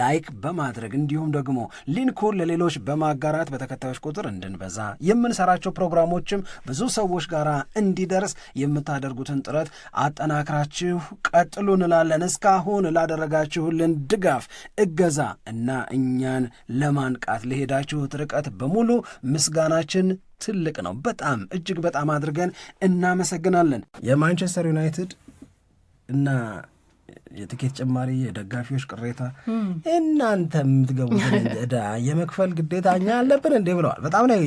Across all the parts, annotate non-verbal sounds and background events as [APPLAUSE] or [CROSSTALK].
ላይክ በማድረግ እንዲሁም ደግሞ ሊንኩን ለሌሎች በማጋራት በተከታዮች ቁጥር እንድንበዛ የምንሰራቸው ፕሮግራሞችም ብዙ ሰዎች ጋር እንዲደርስ የምታደርጉትን ጥረት አጠናክራችሁ ቀጥሉ እንላለን። እስካሁን ላደረጋችሁልን ድጋፍ፣ እገዛ እና እኛን ለማንቃት ለሄዳችሁት ርቀት በሙሉ ምስጋናችን ትልቅ ነው። በጣም እጅግ በጣም አድርገን እናመሰግናለን። የማንቸስተር ዩናይትድ እና የትኬት ጭማሪ፣ የደጋፊዎች ቅሬታ hmm. እናንተ የምትገቡትን ዕዳ [LAUGHS] የመክፈል ግዴታ እኛ ያለብን እንዴ ብለዋል። በጣም ነው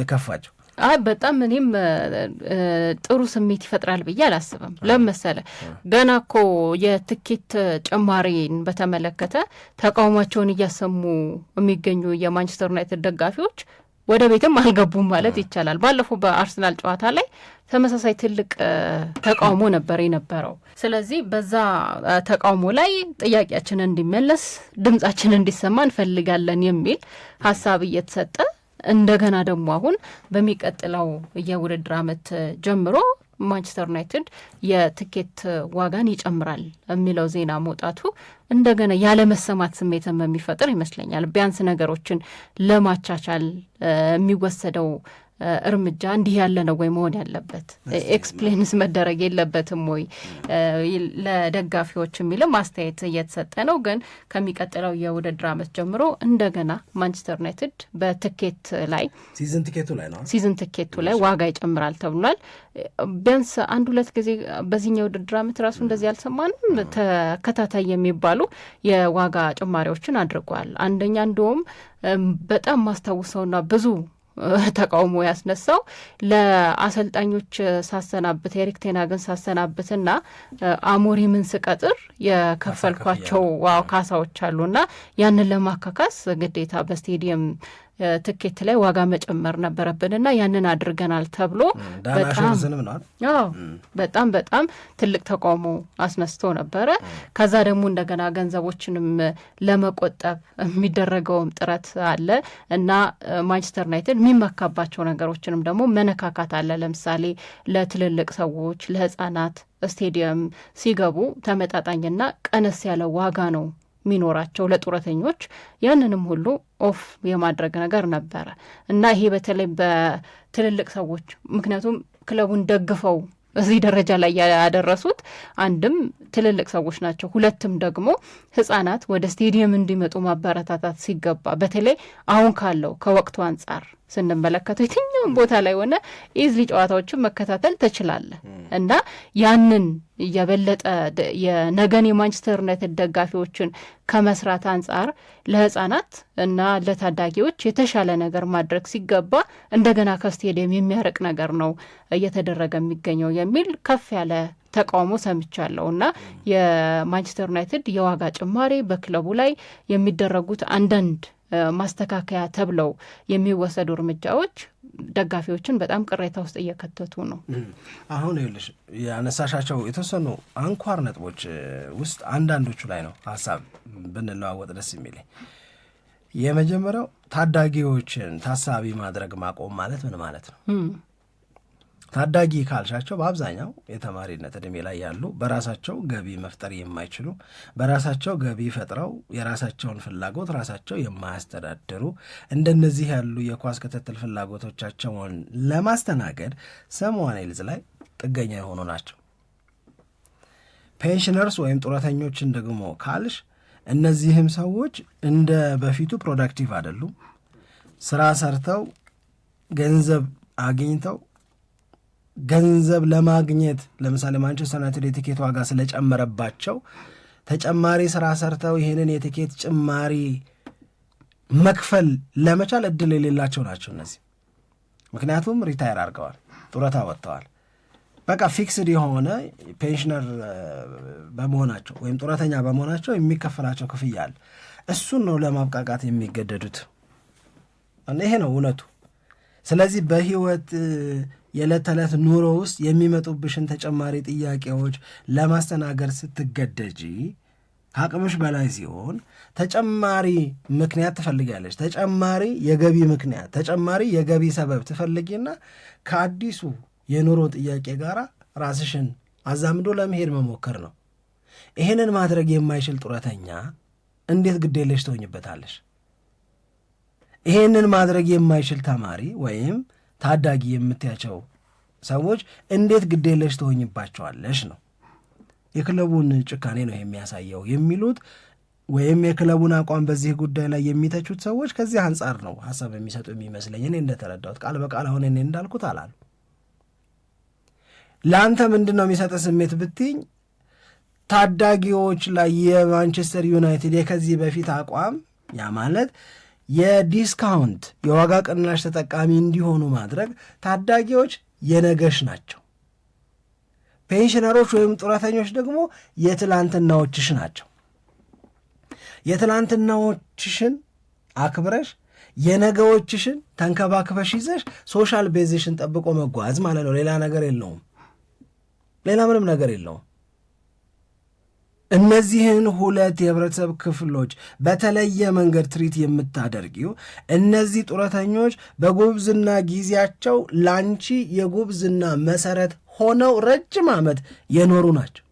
የከፋቸው። አይ በጣም እኔም ጥሩ ስሜት ይፈጥራል ብዬ አላስብም። ለመሰለ ገና እኮ የትኬት ጭማሪን በተመለከተ ተቃውሟቸውን እያሰሙ የሚገኙ የማንቸስተር ዩናይትድ ደጋፊዎች ወደ ቤትም [LAUGHS] አልገቡም ማለት ይቻላል። ባለፈው በአርሰናል ጨዋታ ላይ ተመሳሳይ ትልቅ ተቃውሞ ነበር የነበረው። ስለዚህ በዛ ተቃውሞ ላይ ጥያቄያችንን እንዲመለስ ድምጻችንን እንዲሰማ እንፈልጋለን የሚል ሀሳብ እየተሰጠ እንደገና ደግሞ አሁን በሚቀጥለው የውድድር ዓመት ጀምሮ ማንቸስተር ዩናይትድ የትኬት ዋጋን ይጨምራል የሚለው ዜና መውጣቱ እንደገና ያለመሰማት ስሜትም የሚፈጥር ይመስለኛል። ቢያንስ ነገሮችን ለማቻቻል የሚወሰደው እርምጃ እንዲህ ያለ ነው ወይ መሆን ያለበት? ኤክስፕሌንስ መደረግ የለበትም ወይ ለደጋፊዎች የሚልም አስተያየት እየተሰጠ ነው። ግን ከሚቀጥለው የውድድር አመት ጀምሮ እንደገና ማንቸስተር ዩናይትድ በትኬት ላይ ሲዝን ትኬቱ ላይ ዋጋ ይጨምራል ተብሏል። ቢያንስ አንድ ሁለት ጊዜ በዚህኛው የውድድር ዓመት ራሱ እንደዚህ አልሰማንም። ተከታታይ የሚባሉ የዋጋ ጭማሪዎችን አድርጓል። አንደኛ እንዲሁም በጣም ማስታውሰውና ብዙ [LAUGHS] ተቃውሞ ያስነሳው። ለአሰልጣኞች ሳሰናብት ኤሪክ ቴናግን ሳሰናብትና አሞሪምን ስቀጥር የከፈልኳቸው ዋው ካሳዎች አሉና ያንን ለማካካስ ግዴታ በስቴዲየም ትኬት ላይ ዋጋ መጨመር ነበረብንና ያንን አድርገናል ተብሎ በጣም በጣም ትልቅ ተቃውሞ አስነስቶ ነበረ። ከዛ ደግሞ እንደገና ገንዘቦችንም ለመቆጠብ የሚደረገውም ጥረት አለ እና ማንቸስተር ዩናይትድ የሚመካባቸው ነገሮችንም ደግሞ መነካካት አለ። ለምሳሌ ለትልልቅ ሰዎች፣ ለህጻናት ስቴዲየም ሲገቡ ተመጣጣኝና ቀነስ ያለ ዋጋ ነው የሚኖራቸው ለጡረተኞች ያንንም ሁሉ ኦፍ የማድረግ ነገር ነበረ እና ይሄ በተለይ በትልልቅ ሰዎች ምክንያቱም ክለቡን ደግፈው እዚህ ደረጃ ላይ ያደረሱት አንድም ትልልቅ ሰዎች ናቸው፣ ሁለትም ደግሞ ህጻናት ወደ ስቴዲየም እንዲመጡ ማበረታታት ሲገባ በተለይ አሁን ካለው ከወቅቱ አንጻር ስንመለከተው የትኛውም ቦታ ላይ ሆነ ኢዝሊ ጨዋታዎችን መከታተል ትችላለህ እና ያንን የበለጠ የነገን የማንቸስተር ዩናይትድ ደጋፊዎችን ከመስራት አንጻር ለህጻናት እና ለታዳጊዎች የተሻለ ነገር ማድረግ ሲገባ እንደገና ከስቴዲየም የሚያርቅ ነገር ነው እየተደረገ የሚገኘው የሚል ከፍ ያለ ተቃውሞ ሰምቻለሁ እና የማንቸስተር ዩናይትድ የዋጋ ጭማሬ በክለቡ ላይ የሚደረጉት አንዳንድ ማስተካከያ ተብለው የሚወሰዱ እርምጃዎች ደጋፊዎችን በጣም ቅሬታ ውስጥ እየከተቱ ነው። አሁን ይኸውልሽ ያነሳሻቸው የተወሰኑ አንኳር ነጥቦች ውስጥ አንዳንዶቹ ላይ ነው ሀሳብ ብንለዋወጥ ደስ የሚል የመጀመሪያው ታዳጊዎችን ታሳቢ ማድረግ ማቆም ማለት ምን ማለት ነው? ታዳጊ ካልሻቸው በአብዛኛው የተማሪነት እድሜ ላይ ያሉ በራሳቸው ገቢ መፍጠር የማይችሉ በራሳቸው ገቢ ፈጥረው የራሳቸውን ፍላጎት ራሳቸው የማያስተዳድሩ እንደነዚህ ያሉ የኳስ ክትትል ፍላጎቶቻቸውን ለማስተናገድ ሰሞን ላይ ጥገኛ የሆኑ ናቸው። ፔንሽነርስ ወይም ጡረተኞችን ደግሞ ካልሽ እነዚህም ሰዎች እንደ በፊቱ ፕሮዳክቲቭ አይደሉም። ስራ ሰርተው ገንዘብ አግኝተው ገንዘብ ለማግኘት ለምሳሌ ማንቸስተር ዩናይትድ የትኬት ዋጋ ስለጨመረባቸው ተጨማሪ ስራ ሰርተው ይህንን የትኬት ጭማሪ መክፈል ለመቻል እድል የሌላቸው ናቸው እነዚህ። ምክንያቱም ሪታየር አድርገዋል፣ ጡረታ ወጥተዋል። በቃ ፊክስድ የሆነ ፔንሽነር በመሆናቸው ወይም ጡረተኛ በመሆናቸው የሚከፈላቸው ክፍያ አለ። እሱን ነው ለማብቃቃት የሚገደዱት። ይሄ ነው እውነቱ። ስለዚህ በህይወት የዕለት ተዕለት ኑሮ ውስጥ የሚመጡብሽን ተጨማሪ ጥያቄዎች ለማስተናገድ ስትገደጂ አቅምሽ በላይ ሲሆን ተጨማሪ ምክንያት ትፈልጋለች። ተጨማሪ የገቢ ምክንያት፣ ተጨማሪ የገቢ ሰበብ ትፈልጊና ከአዲሱ የኑሮ ጥያቄ ጋር ራስሽን አዛምዶ ለመሄድ መሞከር ነው። ይህንን ማድረግ የማይችል ጡረተኛ እንዴት ግዴለሽ ትሆኝበታለሽ? ይህንን ማድረግ የማይችል ተማሪ ወይም ታዳጊ የምትያቸው ሰዎች እንዴት ግዴለሽ ትሆኝባቸዋለሽ ነው የክለቡን ጭካኔ ነው የሚያሳየው የሚሉት ወይም የክለቡን አቋም በዚህ ጉዳይ ላይ የሚተቹት ሰዎች ከዚህ አንጻር ነው ሀሳብ የሚሰጡ የሚመስለኝ። እኔ እንደተረዳሁት ቃል በቃል አሁን እኔ እንዳልኩት አላሉ። ለአንተ ምንድን ነው የሚሰጠ ስሜት ብትኝ፣ ታዳጊዎች ላይ የማንቸስተር ዩናይትድ የከዚህ በፊት አቋም ያ ማለት የዲስካውንት የዋጋ ቅናሽ ተጠቃሚ እንዲሆኑ ማድረግ ታዳጊዎች የነገሽ ናቸው። ፔንሽነሮች ወይም ጡረተኞች ደግሞ የትላንትናዎችሽ ናቸው። የትላንትናዎችሽን አክብረሽ የነገዎችሽን ተንከባክበሽ ይዘሽ ሶሻል ቤዝሽን ጠብቆ መጓዝ ማለት ነው። ሌላ ነገር የለውም። ሌላ ምንም ነገር የለውም። እነዚህን ሁለት የህብረተሰብ ክፍሎች በተለየ መንገድ ትሪት የምታደርጊው እነዚህ ጡረተኞች በጉብዝና ጊዜያቸው ላንቺ የጉብዝና መሰረት ሆነው ረጅም ዓመት የኖሩ ናቸው።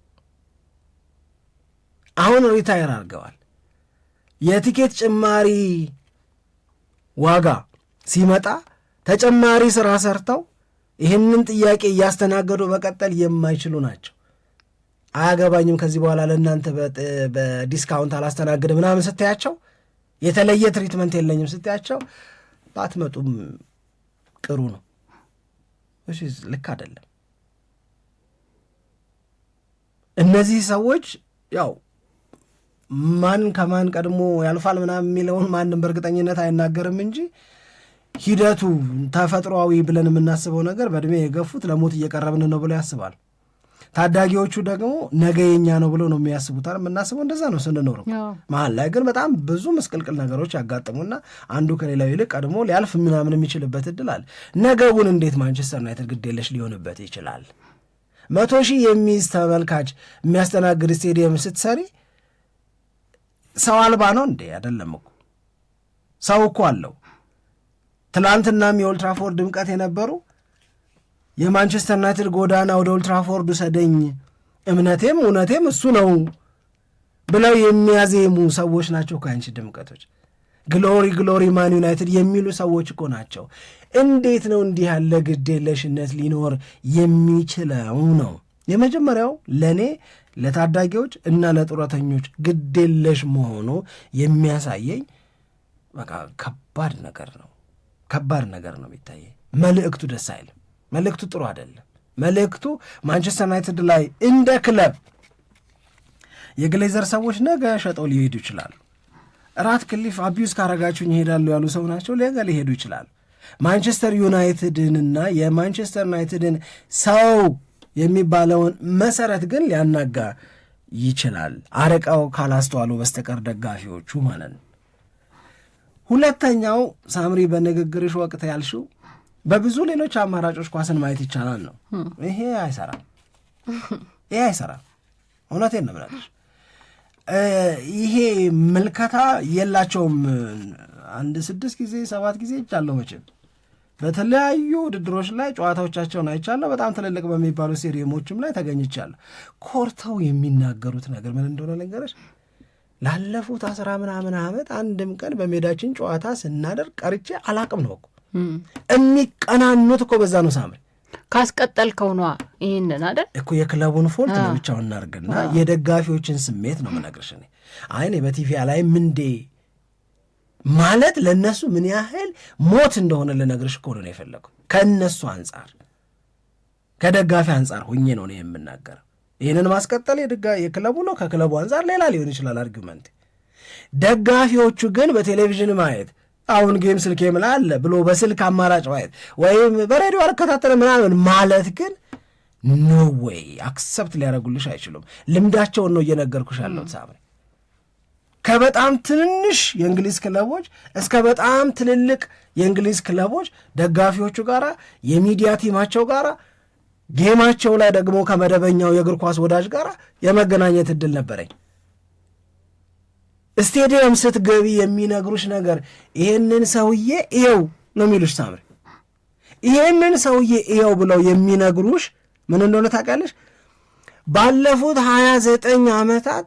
አሁን ሪታየር አድርገዋል። የቲኬት ጭማሪ ዋጋ ሲመጣ ተጨማሪ ስራ ሰርተው ይህንን ጥያቄ እያስተናገዱ መቀጠል የማይችሉ ናቸው። አያገባኝም ከዚህ በኋላ ለእናንተ በዲስካውንት አላስተናግድ ምናምን ስታያቸው፣ የተለየ ትሪትመንት የለኝም ስታያቸው፣ ባትመጡም ቅሩ ነው። ልክ አይደለም። እነዚህ ሰዎች ያው ማን ከማን ቀድሞ ያልፋል ምናምን የሚለውን ማንም በእርግጠኝነት አይናገርም እንጂ ሂደቱ ተፈጥሯዊ ብለን የምናስበው ነገር በእድሜ የገፉት ለሞት እየቀረብን ነው ብሎ ያስባል። ታዳጊዎቹ ደግሞ ነገ የኛ ነው ብለው ነው የሚያስቡታል። የምናስበው እንደዛ ነው ስንኖረው። መሀል ላይ ግን በጣም ብዙ ምስቅልቅል ነገሮች ያጋጥሙና አንዱ ከሌላው ይልቅ ቀድሞ ሊያልፍ ምናምን የሚችልበት እድል አለ። ነገውን እንዴት ማንቸስተር ዩናይትድ ግዴለሽ ሊሆንበት ይችላል? መቶ ሺህ የሚይዝ ተመልካች የሚያስተናግድ ስቴዲየም ስትሰሪ ሰው አልባ ነው እንዴ? አይደለም እኮ ሰው እኮ አለው። ትላንትናም የኦልትራፎርድ ድምቀት የነበሩ የማንቸስተር ዩናይትድ ጎዳና ወደ ኦልትራፎርድ ውሰደኝ፣ እምነቴም እውነቴም እሱ ነው ብለው የሚያዜሙ ሰዎች ናቸው እኮ ድምቀቶች። ግሎሪ ግሎሪ ማን ዩናይትድ የሚሉ ሰዎች እኮ ናቸው። እንዴት ነው እንዲህ ያለ ግዴለሽነት ሊኖር የሚችለው? ነው የመጀመሪያው ለእኔ ለታዳጊዎች እና ለጡረተኞች ግዴለሽ መሆኑ የሚያሳየኝ በቃ ከባድ ነገር ነው። ከባድ ነገር ነው የሚታየኝ። መልእክቱ ደስ አይልም። መልእክቱ ጥሩ አይደለም። መልእክቱ ማንቸስተር ዩናይትድ ላይ እንደ ክለብ የግሌዘር ሰዎች ነገ ሸጠው ሊሄዱ ይችላሉ። ራት ክሊፍ አቢዩዝ ካረጋችሁኝ ይሄዳሉ ያሉ ሰው ናቸው። ነገ ሊሄዱ ይችላሉ። ማንቸስተር ዩናይትድንና የማንቸስተር ዩናይትድን ሰው የሚባለውን መሰረት ግን ሊያናጋ ይችላል፣ አረቃው ካላስተዋሉ በስተቀር ደጋፊዎቹ ማለት ነው። ሁለተኛው ሳምሪ በንግግርሽ ወቅት ያልሽው በብዙ ሌሎች አማራጮች ኳስን ማየት ይቻላል ነው። ይሄ አይሰራም፣ ይሄ አይሰራም። እውነቴን ነው ብላለች። ይሄ ምልከታ የላቸውም። አንድ ስድስት ጊዜ ሰባት ጊዜ ይቻለው መቼም በተለያዩ ውድድሮች ላይ ጨዋታዎቻቸውን አይቻለሁ። በጣም ትልልቅ በሚባሉ ሴሪየሞችም ላይ ተገኝቻለሁ። ኮርተው የሚናገሩት ነገር ምን እንደሆነ ነገረች። ላለፉት አስራ ምናምን ዓመት አንድም ቀን በሜዳችን ጨዋታ ስናደርግ ቀርቼ አላቅም ነው እኮ የሚቀናኑት እኮ በዛ ነው ሳምሪ ካስቀጠልከው ነዋ ይህንን አይደል እኮ የክለቡን ፎልት ነው ብቻው እናርግና የደጋፊዎችን ስሜት ነው መነግርሽ እኔ አይ እኔ በቲቪ አላይም እንዴ ማለት ለእነሱ ምን ያህል ሞት እንደሆነ ልነግርሽ እኮ ነው የፈለግኩ። ከእነሱ አንጻር ከደጋፊ አንጻር ሁኜ ነው ነው የምናገረው። ይህንን ማስቀጠል የክለቡ ነው። ከክለቡ አንጻር ሌላ ሊሆን ይችላል አርጊመንት። ደጋፊዎቹ ግን በቴሌቪዥን ማየት አሁን ጌም ስልኬ ምን አለ ብሎ በስልክ አማራጭ ማየት ወይም በሬዲዮ አልከታተለ ምናምን ማለት ግን ኖ ዌይ አክሰፕት ሊያደርጉልሽ አይችሉም። ልምዳቸውን ነው እየነገርኩሽ ያለው ሳምሪ። ከበጣም ትንንሽ የእንግሊዝ ክለቦች እስከ በጣም ትልልቅ የእንግሊዝ ክለቦች ደጋፊዎቹ ጋር የሚዲያ ቲማቸው ጋር ጌማቸው ላይ ደግሞ ከመደበኛው የእግር ኳስ ወዳጅ ጋር የመገናኘት እድል ነበረኝ። ስቴዲየም ስትገቢ የሚነግሩሽ ነገር ይሄንን ሰውዬ እየው ነው የሚሉሽ። ሳምሪ ይሄንን ሰውዬ እየው ብለው የሚነግሩሽ ምን እንደሆነ ታውቃለሽ? ባለፉት ሀያ ዘጠኝ ዓመታት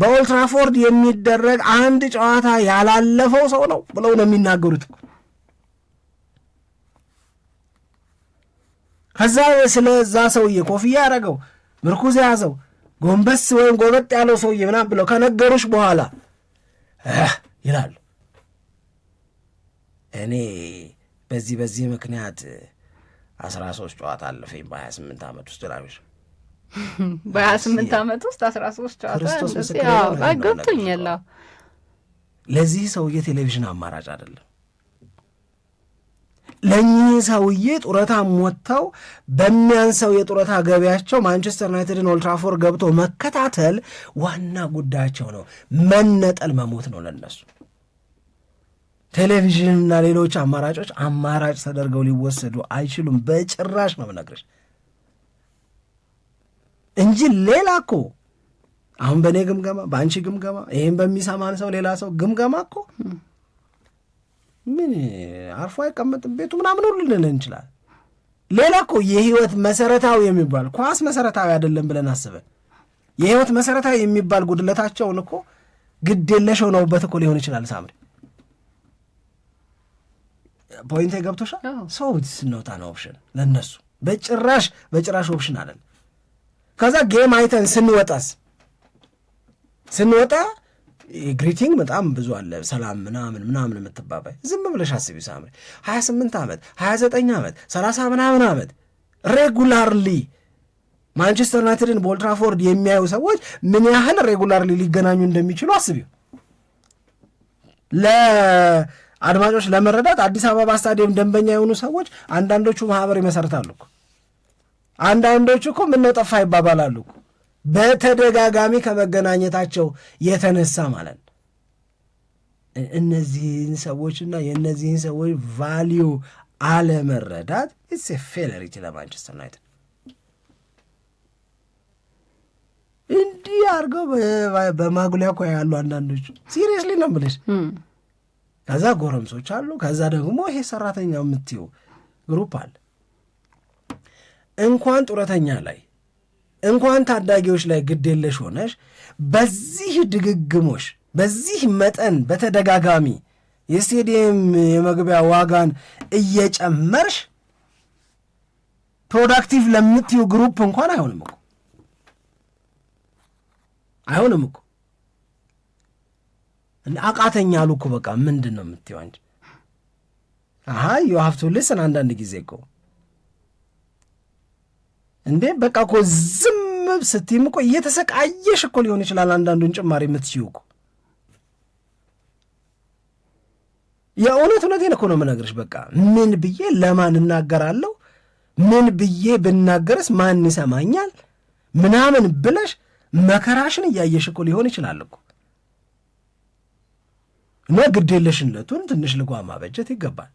በኦልትራፎርድ የሚደረግ አንድ ጨዋታ ያላለፈው ሰው ነው ብለው ነው የሚናገሩት። ከዛ ስለዛ ሰውዬ ኮፍያ ያረገው ምርኩዝ የያዘው ጎንበስ ወይም ጎበጥ ያለው ሰውዬ ምናምን ብለው ከነገሩሽ በኋላ ይላሉ እኔ በዚህ በዚህ ምክንያት አስራ ሶስት ጨዋታ አለፈኝ በሀያ ስምንት ዓመት ውስጥ ላሚሽ በሀያ ስምንት ዓመት ውስጥ አስራ ሶስት ጨዋታ ገብቶኛል። ለዚህ ሰውዬ ቴሌቪዥን አማራጭ አይደለም። ለእኚህ ሰውዬ ጡረታ ወጥተው በሚያንሰው የጡረታ ገቢያቸው ማንቸስተር ዩናይትድን ኦልትራፎር ገብቶ መከታተል ዋና ጉዳያቸው ነው። መነጠል መሞት ነው ለነሱ። ቴሌቪዥንና ሌሎች አማራጮች አማራጭ ተደርገው ሊወሰዱ አይችሉም። በጭራሽ ነው የምነግርሽ እንጂ ሌላ እኮ አሁን በእኔ ግምገማ፣ በአንቺ ግምገማ፣ ይህም በሚሰማን ሰው ሌላ ሰው ግምገማ እኮ ምን አርፎ አይቀመጥም ቤቱ ምናምን ሁሉ ልንል እንችላለን። ሌላ እኮ የህይወት መሰረታዊ የሚባል ኳስ መሰረታዊ አይደለም ብለን አስበን የህይወት መሰረታዊ የሚባል ጉድለታቸውን እኮ ግድ የለሽ ሆነውበት እኮ ሊሆን ይችላል። ሳምሪ ፖይንቴ ገብቶሻል። ሰው ነው ኦፕሽን ለነሱ በጭራሽ በጭራሽ ኦፕሽን አለን። ከዛ ጌም አይተን ስንወጣስ ስንወጣ ግሪቲንግ በጣም ብዙ አለ። ሰላም ምናምን ምናምን የምትባባይ ዝም ብለሽ አስቢ ሳምሪ፣ 28 ዓመት 29 ዓመት 30 ምናምን ዓመት ሬጉላርሊ ማንቸስተር ዩናይትድን በኦልትራፎርድ የሚያዩ ሰዎች ምን ያህል ሬጉላርሊ ሊገናኙ እንደሚችሉ አስቢው። ለአድማጮች ለመረዳት አዲስ አበባ ስታዲየም ደንበኛ የሆኑ ሰዎች አንዳንዶቹ ማህበር ይመሰርታሉ፣ አንዳንዶቹ እኮ ምነው ጠፋ ይባባላሉ። በተደጋጋሚ ከመገናኘታቸው የተነሳ ማለት ነው። እነዚህን ሰዎችና የእነዚህን ሰዎች ቫሊዩ አለመረዳት ኢትስ ፌለሪቲ ለማንቸስተር ዩናይትድ። እንዲህ አድርገው በማጉሊያ እኮ ያሉ አንዳንዶቹ ሲሪየስሊ ነው የምልሽ። ከዛ ጎረምሶች አሉ። ከዛ ደግሞ ይሄ ሰራተኛ የምትይው ግሩፕ አለ። እንኳን ጡረተኛ ላይ እንኳን ታዳጊዎች ላይ ግድ የለሽ ሆነሽ በዚህ ድግግሞሽ በዚህ መጠን በተደጋጋሚ የስቴዲየም የመግቢያ ዋጋን እየጨመርሽ ፕሮዳክቲቭ ለምትዩ ግሩፕ እንኳን አይሆንም እኮ አይሆንም እኮ አቃተኛ አሉ እኮ በቃ ምንድን ነው የምትይው አንቺ? አሀ ዩ ሀቭ ቱ አንዳንድ ጊዜ እኮ እንዴ በቃ እኮ ዝም ስትይም እኮ እየተሰቃየሽ እኮ ሊሆን ይችላል። አንዳንዱን ጭማሪ የምትችዩ እኮ የእውነት እውነቴን እኮ ነው የምነግርሽ። በቃ ምን ብዬ ለማን እናገራለሁ? ምን ብዬ ብናገርስ ማን ይሰማኛል? ምናምን ብለሽ መከራሽን እያየሽ እኮ ሊሆን ይችላል እኮ እና ግዴለሽነቱን ትንሽ ልጓ ማበጀት ይገባል።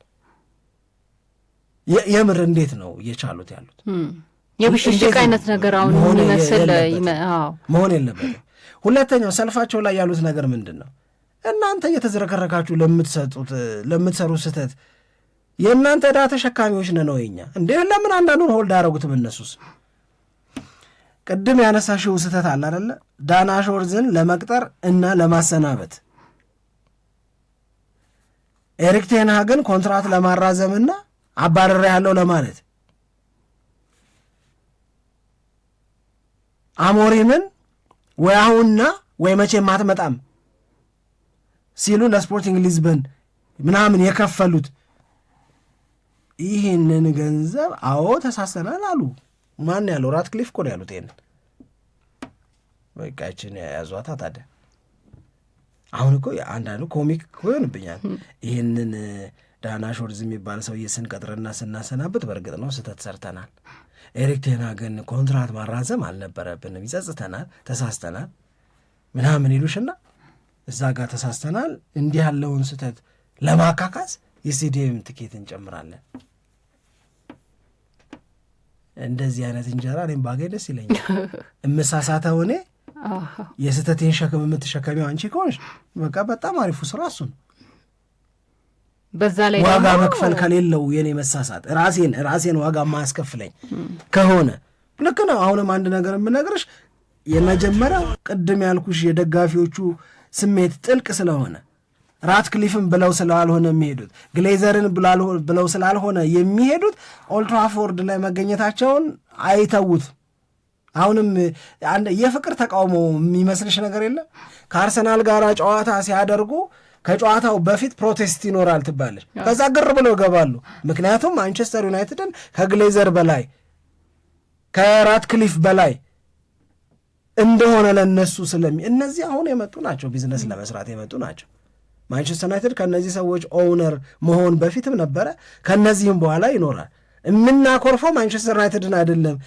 የምር እንዴት ነው እየቻሉት ያሉት? የብሽሽቅ አይነት ነገር አሁን የሚመስል መሆን የለበት። ሁለተኛው ሰልፋቸው ላይ ያሉት ነገር ምንድን ነው? እናንተ እየተዝረከረካችሁ ለምትሰጡት ለምትሰሩት ስህተት የእናንተ ዕዳ ተሸካሚዎች ነን ወይ እኛ? እንዲህ ለምን አንዳንዱን ሆልድ አያረጉትም? እነሱስ ቅድም ያነሳሽው ስህተት አለ አደለ? ዳና ሾርዝን ለመቅጠር እና ለማሰናበት ኤሪክ ቴንሃግን ኮንትራት ለማራዘምና አባረር ያለው ለማለት አሞሪምን ወይ አሁንና ወይ መቼም አትመጣም ሲሉ ለስፖርቲንግ ሊዝበን ምናምን የከፈሉት ይህንን ገንዘብ አዎ ተሳሰናል አሉ። ማን ያለው? ራትክሊፍ እኮ ነው ያሉት። ይህንን በቃ ይችን የያዟታ ታዲያ አሁን እኮ አንዳንዱ ኮሚክ እኮ ይሆንብኛል። ይህንን ዳና ሾርዝ የሚባል ሰውዬ ስንቀጥርና ስናሰናብት በእርግጥ ነው ስህተት ሰርተናል ኤሪክ ቴንሃግን ኮንትራት ማራዘም አልነበረብንም፣ ይጸጽተናል፣ ተሳስተናል ምናምን ይሉሽና እዛ ጋር ተሳስተናል እንዲህ ያለውን ስህተት ለማካካስ የስቴዲየም ትኬት እንጨምራለን። እንደዚህ አይነት እንጀራ እኔም ባገኝ ደስ ይለኛል። እምሳሳተው [LAUGHS] እኔ የስህተቴን ሸክም የምትሸከሚው አንቺ ከሆንሽ በቃ በጣም አሪፉ ስራ እሱ ነው። በዛ ላይ ዋጋ መክፈል ከሌለው የኔ መሳሳት ራሴን ራሴን ዋጋ ማያስከፍለኝ ከሆነ ልክ ነው። አሁንም አንድ ነገር የምነግርሽ የመጀመሪያው ቅድም ያልኩሽ የደጋፊዎቹ ስሜት ጥልቅ ስለሆነ ራትክሊፍን ብለው ስላልሆነ የሚሄዱት ግሌዘርን ብለው ስላልሆነ የሚሄዱት ኦልትራፎርድ ላይ መገኘታቸውን አይተውት አሁንም የፍቅር ተቃውሞ የሚመስልሽ ነገር የለም ከአርሰናል ጋር ጨዋታ ሲያደርጉ ከጨዋታው በፊት ፕሮቴስት ይኖራል ትባለች። ከዛ ግር ብለው ይገባሉ። ምክንያቱም ማንቸስተር ዩናይትድን ከግሌዘር በላይ ከራትክሊፍ በላይ እንደሆነ ለነሱ ስለሚ እነዚህ አሁን የመጡ ናቸው፣ ቢዝነስ ለመስራት የመጡ ናቸው። ማንቸስተር ዩናይትድ ከእነዚህ ሰዎች ኦውነር መሆን በፊትም ነበረ፣ ከእነዚህም በኋላ ይኖራል። የምናኮርፈው ማንቸስተር ዩናይትድን አይደለም፣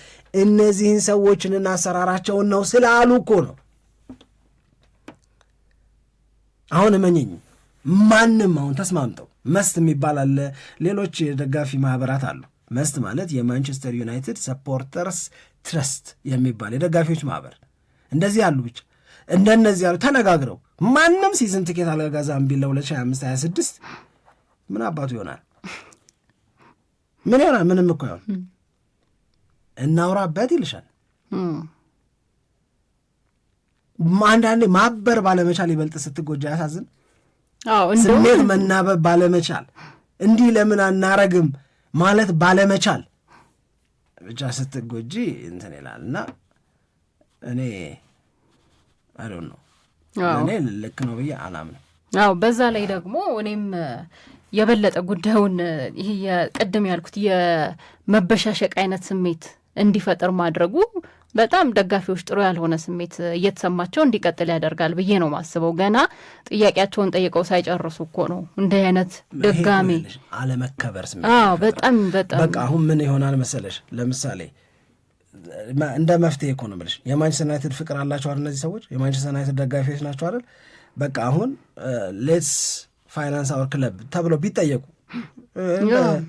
እነዚህን ሰዎችንና አሰራራቸውን ነው ስላሉ እኮ ነው። አሁን እመኝኝ ማንም አሁን ተስማምተው መስት የሚባል አለ፣ ሌሎች የደጋፊ ማህበራት አሉ። መስት ማለት የማንቸስተር ዩናይትድ ሰፖርተርስ ትረስት የሚባል የደጋፊዎች ማህበር እንደዚህ አሉ። ብቻ እንደነዚህ ያሉ ተነጋግረው ማንም ሲዝን ትኬት አልገዛም ቢል ለ2025 26 ምን አባቱ ይሆናል? ምን ይሆናል? ምንም እኮ ይሆን እናውራበት ይልሻል። አንዳንዴ ማበር ባለመቻል ይበልጥ ስትጎጃ ያሳዝን ስሜት መናበብ ባለመቻል እንዲህ ለምን አናረግም ማለት ባለመቻል ብቻ ስትጎጂ እንትን ይላል እና እኔ አይዶ ነው እኔ ልክ ነው ብዬ አላምንም። አዎ በዛ ላይ ደግሞ እኔም የበለጠ ጉዳዩን ይህ የቅድም ያልኩት የመበሻሸቅ አይነት ስሜት እንዲፈጠር ማድረጉ በጣም ደጋፊዎች ጥሩ ያልሆነ ስሜት እየተሰማቸው እንዲቀጥል ያደርጋል ብዬ ነው ማስበው። ገና ጥያቄያቸውን ጠይቀው ሳይጨርሱ እኮ ነው እንደ አይነት ድጋሜ አለመከበር ስሜት። በጣም በጣም በቃ አሁን ምን ይሆናል መሰለሽ፣ ለምሳሌ እንደ መፍትሄ እኮ ነው የምልሽ የማንቸስተር ዩናይትድ ፍቅር አላቸው አይደል? እነዚህ ሰዎች የማንቸስተር ዩናይትድ ደጋፊዎች ናቸው አይደል? በቃ አሁን ሌትስ ፋይናንስ አወር ክለብ ተብለው ቢጠየቁ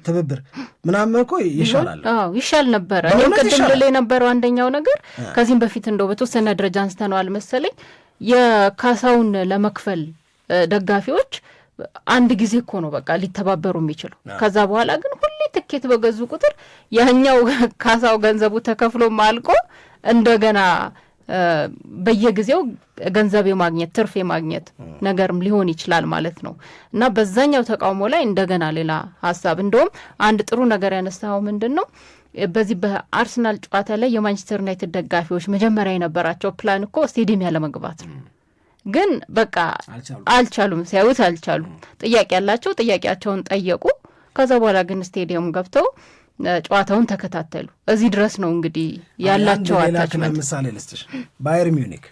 ትብብር ምናምን እኮ ይሻላል ይሻል ነበረ። ቅድም ልል የነበረው አንደኛው ነገር ከዚህም በፊት እንደው በተወሰነ ደረጃ አንስተነዋል መሰለኝ የካሳውን ለመክፈል ደጋፊዎች አንድ ጊዜ እኮ ነው በቃ ሊተባበሩ የሚችሉ። ከዛ በኋላ ግን ሁሌ ትኬት በገዙ ቁጥር ያኛው [LAUGHS] ካሳው ገንዘቡ ተከፍሎም አልቆ እንደገና በየጊዜው ገንዘብ የማግኘት ትርፍ የማግኘት ነገርም ሊሆን ይችላል ማለት ነው እና በዛኛው ተቃውሞ ላይ እንደገና ሌላ ሀሳብ እንደውም አንድ ጥሩ ነገር ያነሳው ምንድን ነው በዚህ በአርሰናል ጨዋታ ላይ የማንቸስተር ዩናይትድ ደጋፊዎች መጀመሪያ የነበራቸው ፕላን እኮ ስቴዲየም ያለመግባት ነው። ግን በቃ አልቻሉም፣ ሲያዩት አልቻሉም። ጥያቄ ያላቸው ጥያቄያቸውን ጠየቁ። ከዛ በኋላ ግን ስቴዲየም ገብተው ጨዋታውን ተከታተሉ። እዚህ ድረስ ነው እንግዲህ ያላቸው አታችመንት። ምሳሌ ልስጥሽ፣ ባየር ሚዩኒክ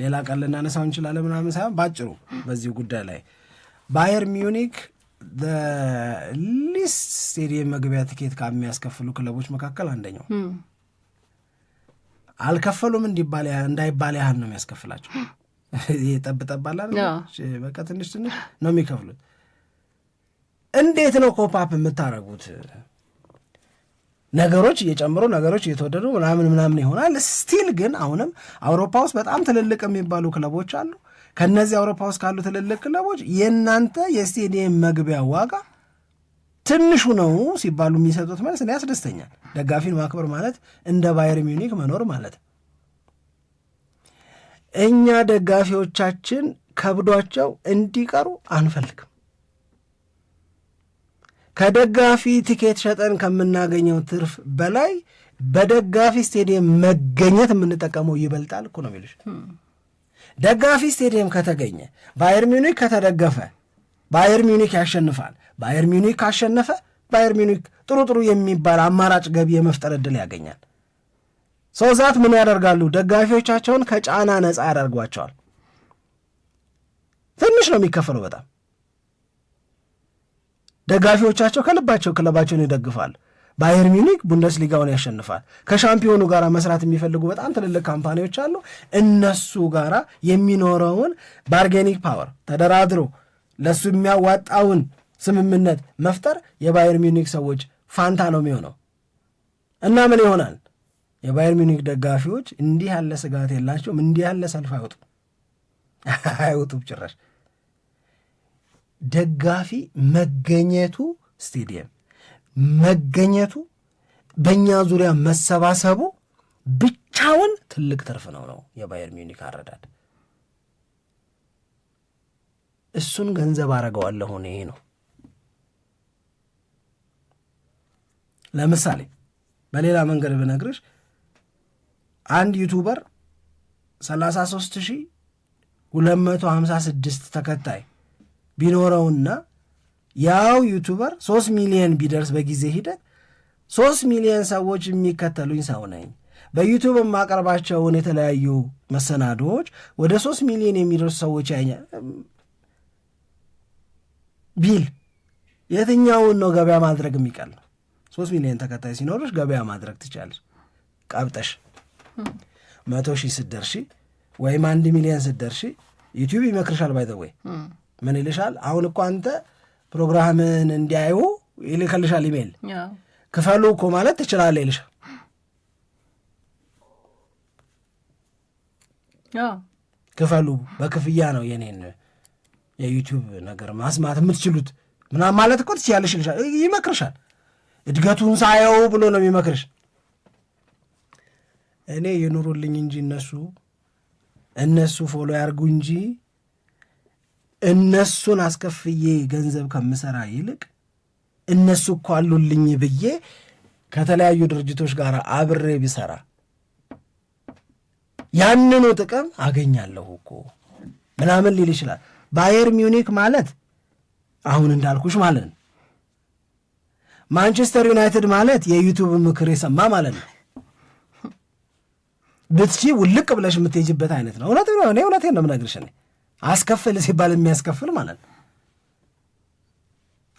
ሌላ ቀን ልናነሳው እንችላለን ምናምን ሳይሆን ባጭሩ በዚህ ጉዳይ ላይ ባየር ሚዩኒክ ሊስት ስቴዲየም መግቢያ ትኬት ከሚያስከፍሉ ክለቦች መካከል አንደኛው አልከፈሉም እንዲባል እንዳይባል ያህል ነው የሚያስከፍላቸው። ጠብጠባላል በቃ ትንሽ ትንሽ ነው የሚከፍሉት። እንዴት ነው ኮፓፕ የምታደርጉት? ነገሮች እየጨምሩ ነገሮች እየተወደዱ ምናምን ምናምን ይሆናል። ስቲል ግን አሁንም አውሮፓ ውስጥ በጣም ትልልቅ የሚባሉ ክለቦች አሉ። ከነዚህ አውሮፓ ውስጥ ካሉ ትልልቅ ክለቦች የእናንተ የስቴዲየም መግቢያ ዋጋ ትንሹ ነው ሲባሉ የሚሰጡት መልስ እኔ ያስደስተኛል። ደጋፊን ማክበር ማለት እንደ ባየር ሚኒክ መኖር ማለት ነው። እኛ ደጋፊዎቻችን ከብዷቸው እንዲቀሩ አንፈልግም። ከደጋፊ ቲኬት ሸጠን ከምናገኘው ትርፍ በላይ በደጋፊ ስቴዲየም መገኘት የምንጠቀመው ይበልጣል እኮ ነው የሚልሽ። ደጋፊ ስቴዲየም ከተገኘ ባየር ሚኒክ ከተደገፈ ባየር ሚኒክ ያሸንፋል። ባየር ሚኒክ ካሸነፈ ባየር ሚኒክ ጥሩ ጥሩ የሚባል አማራጭ ገቢ የመፍጠር እድል ያገኛል። ሰው ዛት ምን ያደርጋሉ? ደጋፊዎቻቸውን ከጫና ነፃ ያደርጓቸዋል። ትንሽ ነው የሚከፈለው በጣም ደጋፊዎቻቸው ከልባቸው ክለባቸውን ይደግፋል። ባየር ሚኒክ ቡንደስሊጋውን ያሸንፋል። ከሻምፒዮኑ ጋር መስራት የሚፈልጉ በጣም ትልልቅ ካምፓኒዎች አሉ። እነሱ ጋር የሚኖረውን ባርጌኒክ ፓወር ተደራድሮ ለእሱ የሚያዋጣውን ስምምነት መፍጠር የባየር ሚኒክ ሰዎች ፋንታ ነው የሚሆነው እና ምን ይሆናል? የባየር ሚኒክ ደጋፊዎች እንዲህ ያለ ስጋት የላቸውም። እንዲህ ያለ ሰልፍ አይወጡም [LAUGHS] አይወጡም ጭራሽ ደጋፊ መገኘቱ ስቴዲየም መገኘቱ በእኛ ዙሪያ መሰባሰቡ ብቻውን ትልቅ ትርፍ ነው ነው የባየር ሚኒክ አረዳድ። እሱን ገንዘብ አረገዋለሁ እኔ ነው። ለምሳሌ በሌላ መንገድ ብነግርሽ አንድ ዩቱበር ስድስት ተከታይ ቢኖረውና ያው ዩቱበር ሶስት ሚሊዮን ቢደርስ በጊዜ ሂደት ሶስት ሚሊዮን ሰዎች የሚከተሉኝ ሰው ነኝ በዩቱብ የማቀርባቸውን የተለያዩ መሰናዶዎች ወደ ሶስት ሚሊዮን የሚደርሱ ሰዎች ያኛ ቢል የትኛውን ነው ገበያ ማድረግ የሚቀል ነው? ሶስት ሚሊዮን ተከታይ ሲኖርሽ ገበያ ማድረግ ትቻለሽ። ቀብጠሽ መቶ ሺህ ስደርሺ ወይም አንድ ሚሊዮን ስደርሺ ዩቲዩብ ይመክርሻል ባይዘወይ ምን ይልሻል? አሁን እኮ አንተ ፕሮግራምን እንዲያዩ ይልከልሻል ኢሜል ክፈሉ እኮ ማለት ትችላለህ ይልሻል። ክፈሉ በክፍያ ነው የኔን የዩቲዩብ ነገር ማስማት የምትችሉት ምናምን ማለት እኮ ትችያለሽ ይልሻል። ይመክርሻል። እድገቱን ሳየው ብሎ ነው የሚመክርሽ። እኔ የኑሩልኝ እንጂ እነሱ እነሱ ፎሎ ያርጉ እንጂ እነሱን አስከፍዬ ገንዘብ ከምሰራ ይልቅ እነሱ እኮ አሉልኝ ብዬ ከተለያዩ ድርጅቶች ጋር አብሬ ቢሰራ ያንኑ ጥቅም አገኛለሁ እኮ ምናምን ሊል ይችላል። ባየር ሚዩኒክ ማለት አሁን እንዳልኩሽ ማለት ነው። ማንቸስተር ዩናይትድ ማለት የዩቱብ ምክር የሰማ ማለት ነው። ብትሺ ውልቅ ብለሽ የምትሄጅበት አይነት ነው። እውነት ነው። እኔ እውነቴን ነው የምነግርሽ። አስከፍል ሲባል የሚያስከፍል ማለት ነው።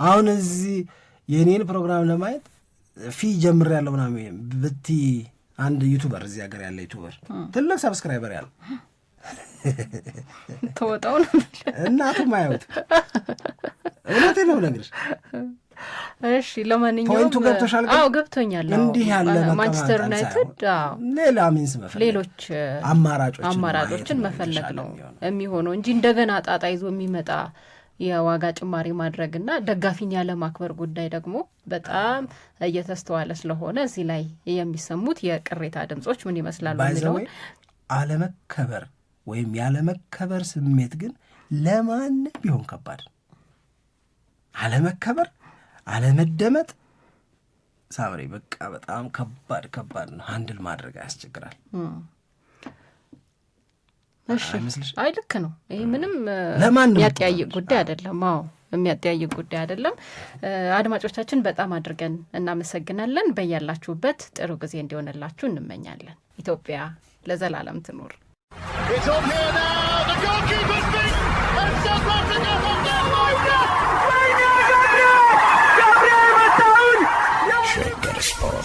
አሁን እዚህ የኔን ፕሮግራም ለማየት ፊ ጀምር ያለው ምናምን ብቲ አንድ ዩቱበር እዚህ ሀገር ያለ ዩቱበር ትልቅ ሰብስክራይበር ያለው ተወጣው እናቱ ማያዩት እውነቴ ነው የምነግርሽ እሺ ለማንኛውም ፖይንቱ ገብቶሻል? አዎ ገብቶኛል። እንዲህ ያለ ማንቸስተር ዩናይትድ ሌላ ሚንስ መፈለግ ሌሎች አማራጮችን መፈለግ ነው የሚሆነው እንጂ እንደገና ጣጣ ይዞ የሚመጣ የዋጋ ጭማሪ ማድረግና ደጋፊን ያለማክበር ጉዳይ ደግሞ በጣም እየተስተዋለ ስለሆነ እዚህ ላይ የሚሰሙት የቅሬታ ድምጾች ምን ይመስላሉ የሚለውን አለመከበር ወይም ያለመከበር ስሜት ግን ለማንም ቢሆን ከባድ አለመከበር አለመደመጥ ሳምሪ በቃ በጣም ከባድ ከባድ ነው። ሀንድል ማድረግ ያስቸግራል። አይ ልክ ነው። ይህ ምንም የሚያጠያይቅ ጉዳይ አይደለም። አዎ የሚያጠያይቅ ጉዳይ አይደለም። አድማጮቻችን በጣም አድርገን እናመሰግናለን። በያላችሁበት ጥሩ ጊዜ እንዲሆንላችሁ እንመኛለን። ኢትዮጵያ ለዘላለም ትኑር። 2010